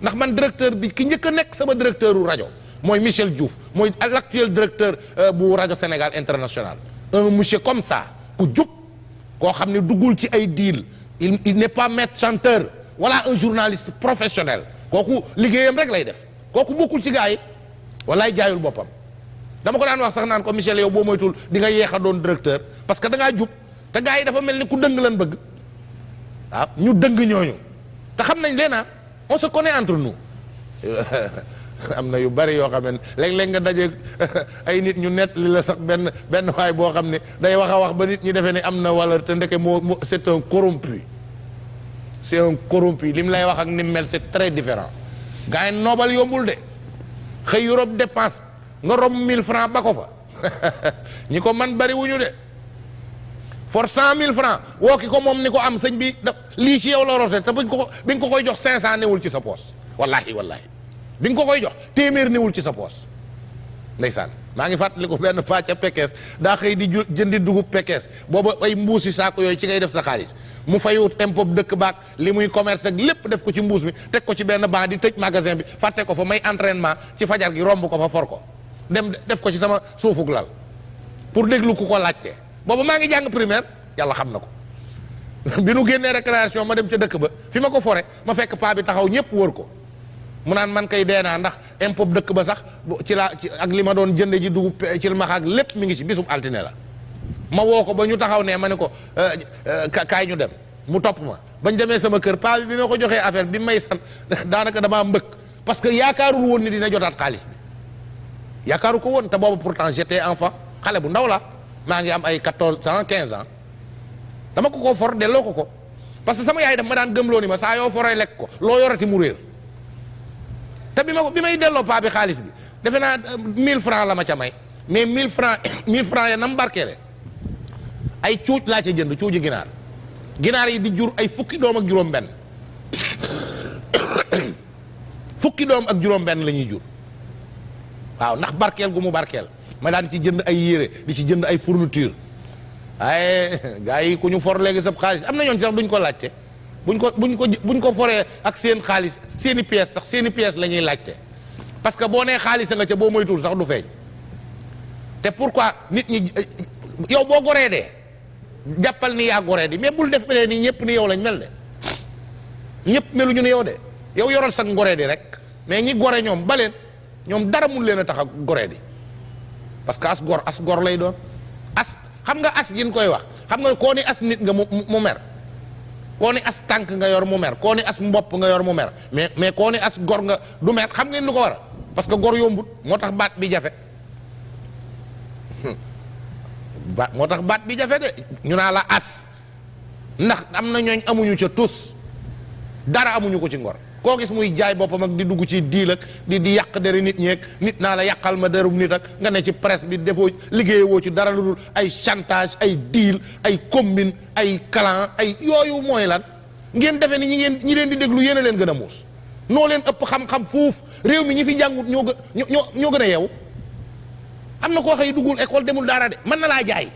ndax man directeur bi ki njëkk nekk sama directeur u rajo mooy Michel Diouf mooy l'actuel directeur euh, bu rajo Sénégal international un monsieur comme ça ku jub koo xam ne duggul ci ay deal il n'est pas maître chanteur wala un journaliste professionnel kooku liggéeyam rek lay def kooku bokkul ci gars yi walaay jaayul boppam dama ko daan wax sax naan ko Michel yow boo moytul di nga yeex doon directeur parce que da ngaa jub yi dafa mel ni ku dëng lan bëgg waaw ah, ñu dëng ñooñu te xam nañ leen ah, on se connaît entre nous am na yu bari yoo xam ne léeg-léeg nga daje ay nit ñu net li la sax benn benn waay boo xam ne day wax a wax ba nit ñi defee ne am na wala te ndeke moo moo c'est un corrompu c'est un corrompu li mu lay wax ak ni mel c'est très différent gaa yi noobal yombul de xëy Europe dépense nga romb 1000 francs ba ko fa ñi ko man bari de. for cent mille francs woo ki ko moom ni ko am sëñ bi da lii ci yow la rote te buñ ko bi nga ko koy jox cinq cent newul ci sa poos wallahi wallahi bi nga ko koy jox téeméer newul ci sa poos ndeysaan maa ngi fàttali ko benn paa ca Pekes daa xëy di jëndi dugub Pekes booba ay mbuusi saako yooyu ci ngay def sa xaalis mu fayut impôt dëkk baak li muy commerce ak lépp def ko ci mbuus mi teg ko ci benn banc di tëj magasin bi fàtte ko fa may entrainement ci fajar gi romb ko fa for ko dem def ko ci sama suufug lal pour déglu boobu maa ngi jàng primaire yàlla xam na ko bi nu génnee récréation ma dem ca dëkk ba fi ma ko fore ma fekk paa bi taxaw ñëpp wër ko mu naan man kay dee naa ndax impôt dëkk ba sax ci laa ak li ma doon jënd ji dugub eh, ci li ma xaak lépp mi ngi ci bisub altine la ma woo ko ba ñu taxaw nee ma ne ko eh, eh, kaay ñu dem mu topp ma bañ demee sama kër paa bi bi ma ko joxee affaire bi may san daanaka damaa mbëkk parce que yaakaarul woon ni dina jotaat xaalis bi yaakaaru ko woon te boobu pourtant j'étais enfant xale bu ndaw maa ngi am ay quatorze ans quinze ans dama ko koo for delloo ko ko parce que sama yaay daf ma daan gëmloo ni ma saa yoo foree lekk ko loo yorati mu réer te bi ma ko bi may delloo paa bi xaalis bi defe naa euh, mille francs la ma ca may mais mille francs mille francs ya nam barkeele ay cuuj laa ca jënd cuuji ginaar ginaar yi di jur ay fukki doom ak juróom benn fukki doom ak juróom benn la ñuy jur waaw ndax barkeel gu mu barkeel ma daan ci jënd ay yére di ci jënd ay fourniture ay gars ku ñu for léegi sab xaalis am na ñoon sax duñ ko laajte buñ ko buñ ko buñ ko foree ak seen xaalis seeni i sax seeni i pièces la ñuy laajte parce que boo nee xaalis nga ca boo moytuwul sax du feeñ te pourquoi nit ñi yow boo goree de jàppal ni yaa goree di mais bul def beneen nii ñëpp ni yow lañ mel de ñëpp meluñu ni yow de yow yoral sax ngoree di rek mais ñi gore ñoom baleen ñoom dara mun leen a tax a goree di parce que as gor as gor lay doon as xam nga as gin koy wax xam nga koo ni as nit nga mu mu mer koo ni as tànk nga yor mu mer koo ni as mbopp nga yor mu mer mais mais koo ni as gor nga du mer xam ngeen lu ko war a parce que gor yombut moo tax baat bi jafe hmm. ba moo tax baat bi jafe de ñu naa la as ndax am na ñooñ amuñu ca tus dara amuñu ko ci ngor koo gis muy jaay boppam ak di dugg ci diil ak di di yàq deri nit ñeeg nit naa la yàqal ma derum nit ak nga ne ci presse bi defoo liggéeyewoo ci dara lu dul ay chantage ay diil ay combine ay clan ay yooyu mooy lan ngeen defee ni ñi ngeen ñi leen di déglu yéen a leen gën a muus noo leen ëpp xam-xam fuuf réew mi ñi fi jàngut ñoo gën ñoo ñoo gën a yeewu am na koo xëy duggul école demul dara de mën na laa jaay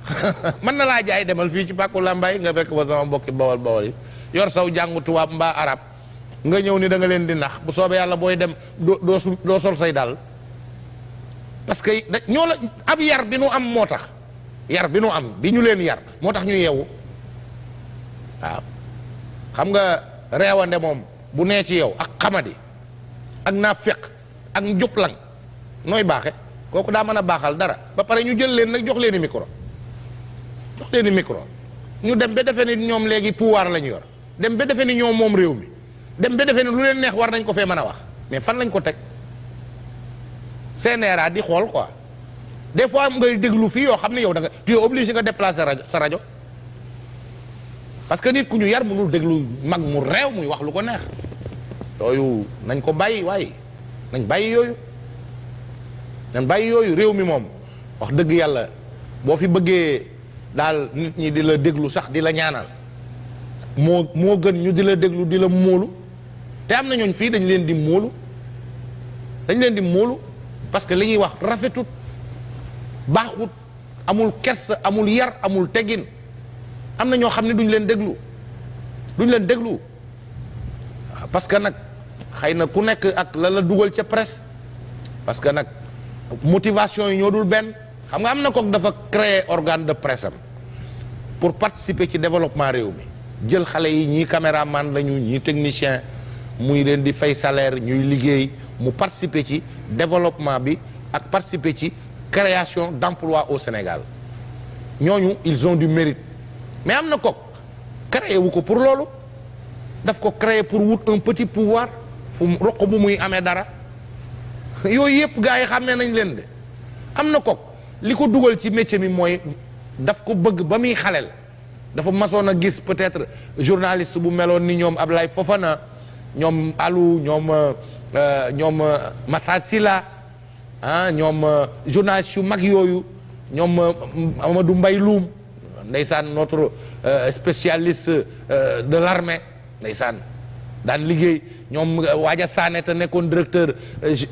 mën na laa jaay demal fii ci pàkku làmbaay nga fekk ba sama mbokki bawal bawal yi yor saw jàngu tubaab arab nga ñëw ni danga leen di nax bu soobee yàlla booy dem doo doo sol say daal parce que da ñoo la ab yar bi nu am moo tax yar bi nu am bi ñu leen yar moo tax ñu yeewu waaw xam nga reewande moom bu nee ci yow ak xamadi ak naafeq ak njublang nooy baaxe kooku daa mën a baaxal dara ba pare ñu jël leen nag jox leen i micro jox leen i micro ñu dem ba defe ni ñoom léegi pouvoir la ñu yor dem ba defe ni ñoom moom réew mi dem ba defee ne lu leen neex war nañ ko fee mën a wax mais fan lañ ko teg CNRA di xool koi des fois ngay déglu fii yoo xam ne yow da nga tu es nga déplacer rajo sa rajo parce que nit ku ñu yar mënul déglu mag mu réew muy wax lu ko neex yooyu nañ ko bàyyi waaye nañ bàyyi yooyu nañ bàyyi yooyu réew mi moom wax dëgg yàlla boo fi bëggee daal nit ñi di la déglu sax di la ñaanal moo moo gën ñu di la déglu di la móolu te am na ñooñ fii dañ leen di móolu dañ leen di móolu parce que li ñuy wax rafetut baaxut amul kersa amul yar amul teggin am na ñoo xam ne duñ leen déglu duñ leen déglu ah, parce que nag xëy na ku nekk ak la la dugal ca presse parce que nag motivation yi ñoo dul benn xam nga am na kook dafa créer organe de presse pour participer ci développement réew mi jël xale yi ñii caméraman lañu ñii technicien muy leen di fay salaire ñuy liggéey mu participer ci développement bi ak participer ci création d'emploi au Sénégal ñooñu ils ont du mérite mais am na ko créé wu ko pour loolu daf ko créé pour wut un petit pouvoir fu roq bu muy amee dara yooyu yëpp gars yi xàmmee nañ leen de am na ko li ko dugal ci métier mi mooy daf ko bëgg ba muy xaleel dafa masoon a gis peut-être journaliste bu meloon ni ñoom Ablaye Fofana ñoom Alou ñoom euh, euh, ñoom euh, Mata Sila ah ñoom journalistes yu mag yooyu ñoom Amadou Mbaye Loum ndeysaan notre spécialiste de l'armée ndeysaan daan liggéey ñoom Waaja Sané te nekkoon directeur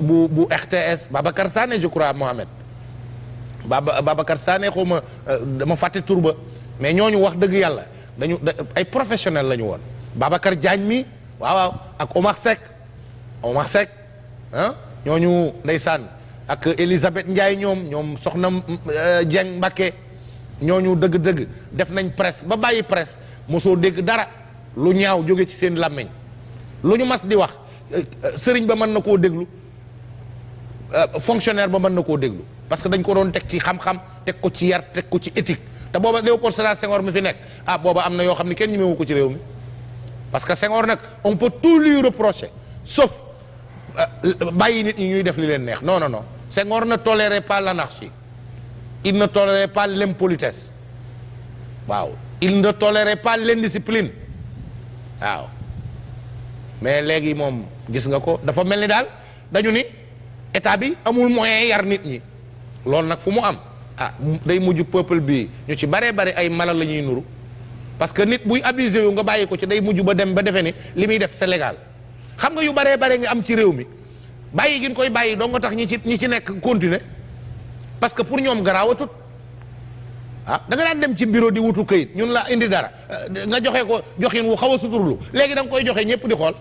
bu bu RTS Babacar Sané je crois Mohamed Baba Babacar Sané ma dama fàtte tur ba mais ñu wax dëgg yàlla dañu ay professionnels la woon Babacar Diagne mi. waaw ak Omar Seck Omar Seck ah ñooñu ak Elisabeth Ndiaye ñoom ñoom soxna euh, Dieng ñoo ñooñu dëgg-dëgg def nañ presse ba bàyyi presse mosoo dégg dara lu ñaaw jóge ci seen làmmiñ lu ñu mas di wax euh, euh, sëriñ ba mën na koo déglu fonctionnaire ba mën na koo déglu parce que dañ ko doon teg ci xam-xam teg ko ci yar teg ko ci éthique te booba Léopold Sédar Senghor mi fi nekk ah booba am na yoo xam ne kenn ñemewu ko ci réew mi parce que sengoor nag on peut tout lui reprocher sauf euh, bàyyi nit ñi ñuy def li leen neex non non non Senghor ne tolérait pas l'anarchie il ne tolérait pas polites waaw il ne tolérait pas l'indiscipline waaw mais léegi moom gis nga ko dafa mel ni daal dañu ni état bi amul moyen yar nit ñi loolu nag fu mu am ah day mujj peuple bi ñu ci baree bare ay mala la ñuy nuru parce que nit buy abusé wu nga bàyyi ko ci day mujj ba dem ba defe ni li muy def c'est légal xam nga yu baree bare nga am ci réew mi bàyyi gin koy bàyyi dong nga tax ñi ci ñi ci nekk continuer parce que pour ñoom garaawatut ah da nga daan dem ci bureau di wutu kayit ñun la indi dara eh, nga joxe ko joxin wu xaw a suturlu léegi da nga koy joxe ñëpp di xool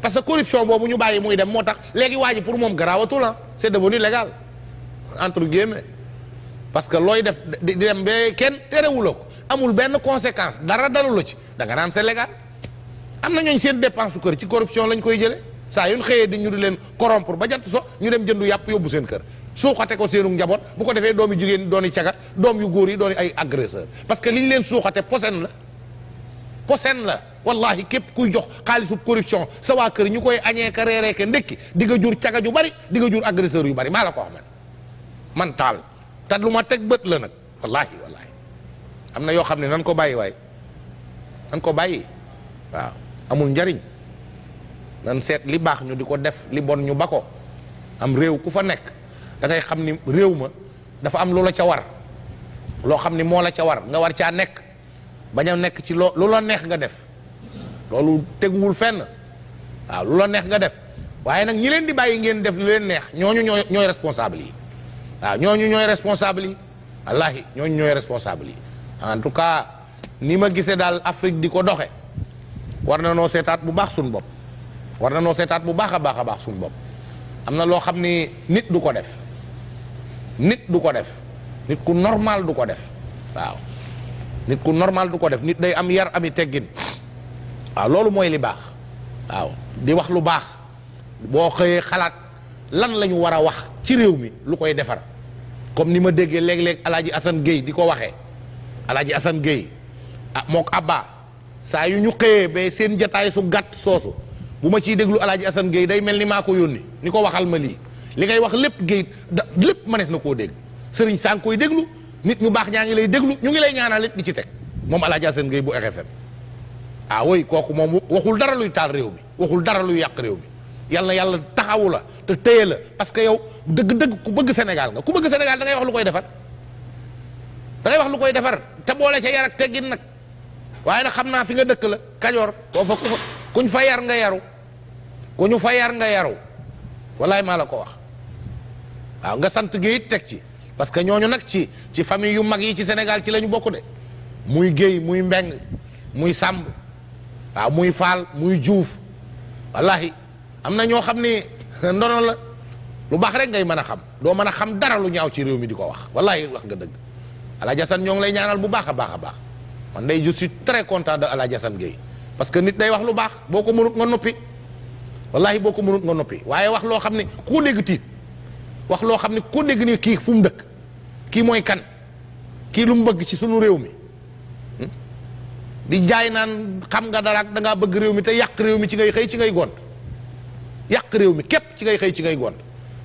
parce que corruption boobu ñu bàyyi muy dem moo tax léegi waa ji pour moom garaawatu la ah. c'est devenu légal entre guillemets parce que looy def di dem ba kenn terewuloo ko amul benn conséquence dara dalu la ci danga nga naan c'est am na ñooñ seen dépense su kër ci corruption lañ koy jëlee saa yu xëyee di ñu di leen corrompre ba jant so ñu dem jëndu yàpp yóbbu seen kër suuxate ko seenu njaboot bu ko defee doom yu jigéen dooni cagat doom yu góor yi dooni ay agresseur parce que li ñu leen suuxate posen la posen la wallahi képp kuy jox xaalisu corruption sa waa kër ñu koy añee ka reeree ke di nga jur caga ju bari di nga jur agresseur yu bari maa la man taal te lu ma teg bët la nag am na yoo xam ne nan ko bàyyi waay nan ko bàyyi waaw amul njariñ nan seet li baax ñu di ko def li bon ñu ba ko am réew ku fa nekk dangay xam ni réew ma dafa am lu la ca war loo xam ni moo la ca war nga war caa nekk bañ a nekk ci loo lu la neex nga def loolu teguwul fenn waaw lu la neex nga def waaye nag ñi leen di bàyyi ngeen def lu leen neex ñooñu ñooy ñooy responsable yi waaw ñooñu ñooy responsable yi wallaahi ñooñu ñooy responsable yi en tout cas ni ma gisee daal Afrique di ko doxe war na noo seetaat bu baax suñu bopp war na noo seetaat bu baax a baax a baax suñu bopp am na loo xam ni nit du ko def nit du ko def nit ku normal du ko def waaw nit ku normal du ko def nit day am yar ami teggin waaw loolu mooy li baax waaw di wax lu baax boo xëyee xalaat lan lañu war a wax ci réew mi lu koy defar comme ni ma déggee léeg-léeg Alaaji Assane géey di ko waxee alaaji Assane Gueye ah mook Abba saa yu ñu xëyee ba seen jataay su gàtt soosu bu ma ciy déglu alaaji Assane Gueye day mel ni maa ko yónni ni ko waxal ma lii li ngay wax lépp Gueye da lépp mënees na koo dégg sëriñ saa ngi koy déglu nit ñu baax ñaa ngi lay déglu ñu ngi lay ñaanal it di ci teg moom alaaji Assane Gueye bu RFM ah woy kooku moom waxul dara luy taal réew mi waxul dara luy yàq réew mi yàlla na yàlla taxawu la te téye la parce que yow dëgg-dëgg ku bëgg Sénégal nga ku bëgg Sénégal da ngay wax lu koy defar da wax lu koy defar te boole ca yar ak teggin nag waaye nag xam naa fi nga dëkk la kajoor boo fa kuñ fa yar nga yaru ku ñu fa yar nga yaru wallaay maa la ko wax waaw nga sant géey teg ci parce que ñooñu nag ci ci famille yu mag yi ci Sénégal ci lañu bokk de muy géey muy mbeng muy sàmb waaw muy faal muy juuf wallahi am na ñoo xam ni ndono la lu baax rek ngay mën a xam doo mën a xam dara lu ñaaw ci réew mi di ko wax wallahi wax nga dëgg Alaaji Assane ñoo lay ñaanal bu baax a baax a baax man day je suis très content de Alaaji Assane parce que nit day wax lu baax boo ko mënut nga noppi wallaahi boo ko mënut nga noppi waaye wax loo xam ne koo dégg tiit wax loo xam ne koo dégg ni kii fu mu dëkk kii mooy kan kii lu mu bëgg ci sunu réew mi hmm? di jaay naan xam nga dara ak da bëgg réew mi te yàq réew mi ci ngay xëy ci ngay gont yàq réew mi képp ci ngay xëy ci ngay gont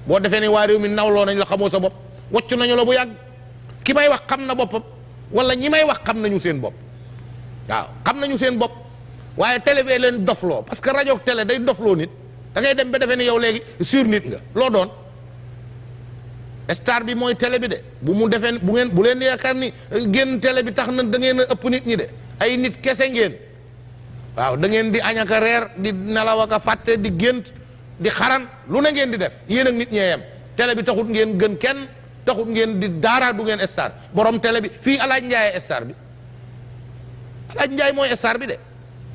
boo defee ne waa réew mi nawloo nañ la xamoo sa bopp ki may wax xam na boppam wala ñi may wax xam nañu seen bopp waaw xam nañu seen bopp waaye télé bee leen dofloo parce que rajo ak day dofloo nit da ngay dem ba defee ni yow léegi sur nit nga loo doon star bi mooy télé bi de bu mu defee bu ngeen bu leen yaakaar ni euh, génn tele bi tax na da ngeen a ëpp nit ñi de ay nit kese ngeen waaw dangeen di añaka reer di nelaw ak a fàtte di gént di xaran lu ne ngeen di def yéen nit ñee tele bi taxut ngeen gën kenn taxul ngeen di daaraa du ngeen star borom télé bi fii alaaj Ndiaye star bi alaaj njaay mooy star bi de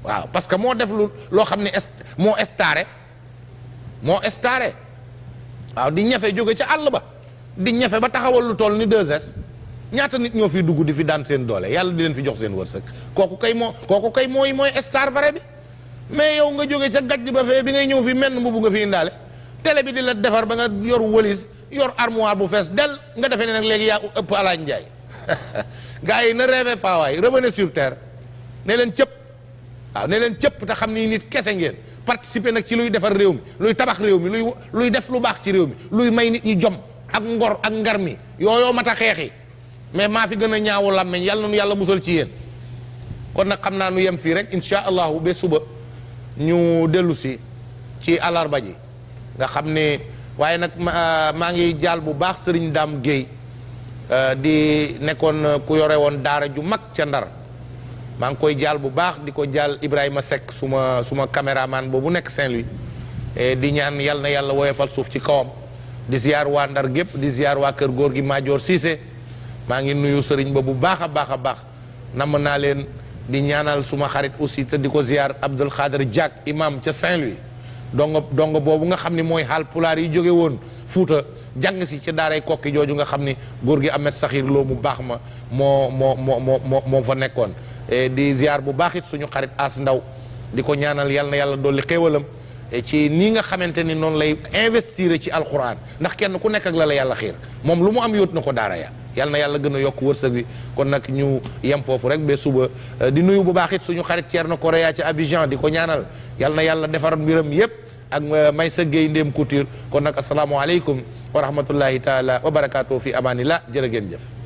waaw parce que moo def lu loo xam ne moo staré moo staré waaw di ñafe jóge ca àll ba di ñafe ba taxawal lu tool ni 2S ñaata nit ñoo fi dugg di fi daan seen doole yàlla di leen fi jox seen wërsëg kooku kay moo kooku kay mooy mooy star vrai bi mais yow nga jóge ca gajj ba fee bi ngay ñëw fi menn mbubb nga fi indaale télé bi di la defar ba nga yor wëlis yor armoire bu fees del nga defee ne nag léegi yaa ëpp Alaaji Njaay gars yi ne rêvez pas waay revenez ne leen cëpp waaw ne leen cëpp te xam ni nit kese ngeen participer nag ci luy defar réew mi luy tabax réew mi luy luy def lu baax ci réew mi luy may nit ñi jom ak ngor ak ngar mi yooyoo mat a xeexi mais maa fi gën a ñaawu làmmeñ yàlla nu yàlla musal ci yéen kon nag xam naa nu yem fii rek insha allahu ba suba ñu dellu si ci alarba ji nga xam ne waaye nag ah, maa ngi jaal bu baax sëriñ Dame Guèye ah, di nekkoon ah, ku yore woon daara ju mag ca ndar maa ngi koy jaal bu baax di ko jaal Ibrahima Seck suma suma ba bu nekk Saint-Louis e, di ñaan yal na yàlla woyofal suuf ci kawam di ziar waa ndar gépp di ziar waa kër góor gi Maajoor Cissé maa ngi nuyu sëriñ ba bu baax a baax a baax namm naa leen di ñaanal suma xarit aussi te di ko ziar Abdul Xaadir Diak imam ca Saint-Louis dongo dongo boobu nga xam ni mooy xaal pulaar yi jóge woon fuuta jàng si ci daaray kokki jooju nga xam ni góor gi Ahmed Saxiir Lo mu baax ma moo moo moo moo moo fa nekkoon e, di ziar bu baaxit suñu xarit as ndaw di ko ñaanal yal na yàlla dolli xéewalam e, ci nii nga xamante ni noonu lay investir ci alquran ndax kenn ku nekk ak la la yàlla xiir moom lu mu am yóot na ko daara ya yal na yàlla gën a yokk wërsëg bi kon nag ñu yem foofu rek ba suba euh, di nuyu bu baaxit suñu xarit Thierno Correa ci Abidjan di ko ñaanal yal na yàlla defar mbiram yépp ak euh, may sa géey ndéem couture kon nag asalaamaaleykum wa rahmatullahi taala wa barakaatu fi amaanillah jërë ngeen jëf